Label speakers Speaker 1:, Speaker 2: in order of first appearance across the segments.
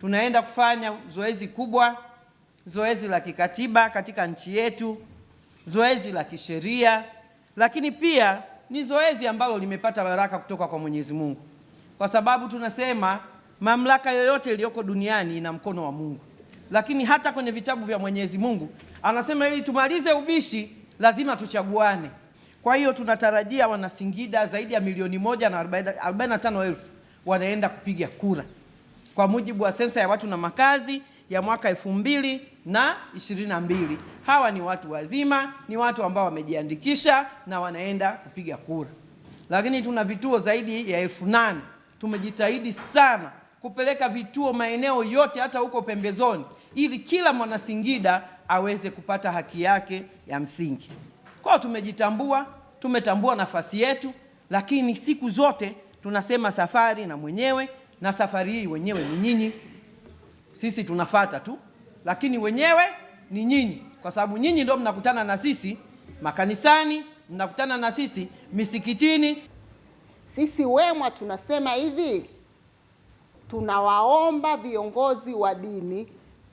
Speaker 1: tunaenda kufanya zoezi kubwa, zoezi la kikatiba katika nchi yetu, zoezi la kisheria, lakini pia ni zoezi ambalo limepata baraka kutoka kwa Mwenyezi Mungu, kwa sababu tunasema mamlaka yoyote iliyoko duniani ina mkono wa Mungu, lakini hata kwenye vitabu vya Mwenyezi Mungu anasema ili tumalize ubishi lazima tuchaguane. Kwa hiyo tunatarajia Wanasingida zaidi ya milioni moja na elfu wanaenda kupiga kura kwa mujibu wa sensa ya watu na makazi ya mwaka elfu mbili na ishirini na mbili. Hawa ni watu wazima, ni watu ambao wamejiandikisha na wanaenda kupiga kura, lakini tuna vituo zaidi ya elfu nane. Tumejitahidi sana kupeleka vituo maeneo yote, hata huko pembezoni, ili kila mwanasingida aweze kupata haki yake ya msingi. Kwao tumejitambua, tumetambua nafasi yetu, lakini siku zote tunasema safari na mwenyewe na safari hii wenyewe ni nyinyi, sisi tunafata tu, lakini wenyewe ni nyinyi, kwa sababu nyinyi ndio mnakutana na sisi makanisani, mnakutana na sisi misikitini.
Speaker 2: Sisi WEMWA tunasema hivi, tunawaomba viongozi wa dini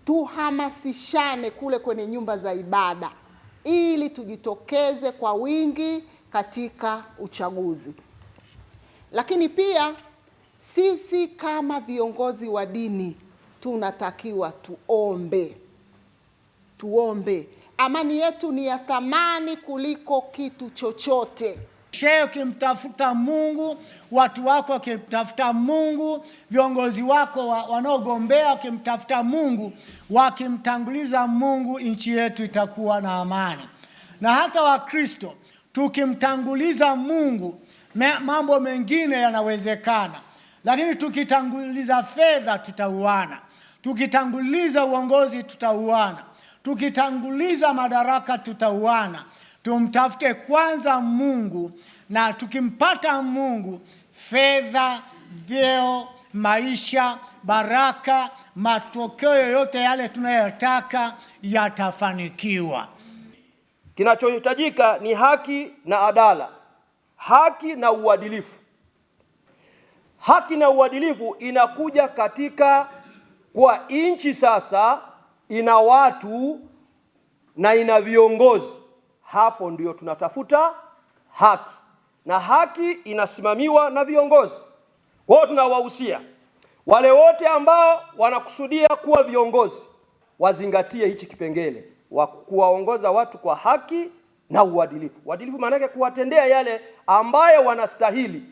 Speaker 2: tuhamasishane kule kwenye nyumba za ibada ili tujitokeze kwa wingi katika uchaguzi, lakini pia sisi kama viongozi wa dini tunatakiwa tuombe, tuombe. Amani yetu ni ya thamani kuliko kitu chochote.
Speaker 3: Shehe ukimtafuta Mungu, watu wako wakimtafuta Mungu, viongozi wako wanaogombea wakimtafuta Mungu, wakimtanguliza Mungu, nchi yetu itakuwa na amani. Na hata Wakristo tukimtanguliza Mungu, mambo mengine yanawezekana lakini tukitanguliza fedha tutauana, tukitanguliza uongozi tutauana, tukitanguliza madaraka tutauana. Tumtafute kwanza Mungu, na tukimpata Mungu, fedha, vyeo, maisha, baraka, matokeo yoyote yale tunayotaka yatafanikiwa.
Speaker 4: Kinachohitajika ni haki na adala, haki na uadilifu haki na uadilifu inakuja katika kwa nchi sasa ina watu na ina viongozi. Hapo ndio tunatafuta haki, na haki inasimamiwa na viongozi. kwao tunawahusia wale wote ambao wanakusudia kuwa viongozi wazingatie hichi kipengele wa kuwaongoza watu kwa haki na uadilifu. Uadilifu maana yake kuwatendea yale ambayo wanastahili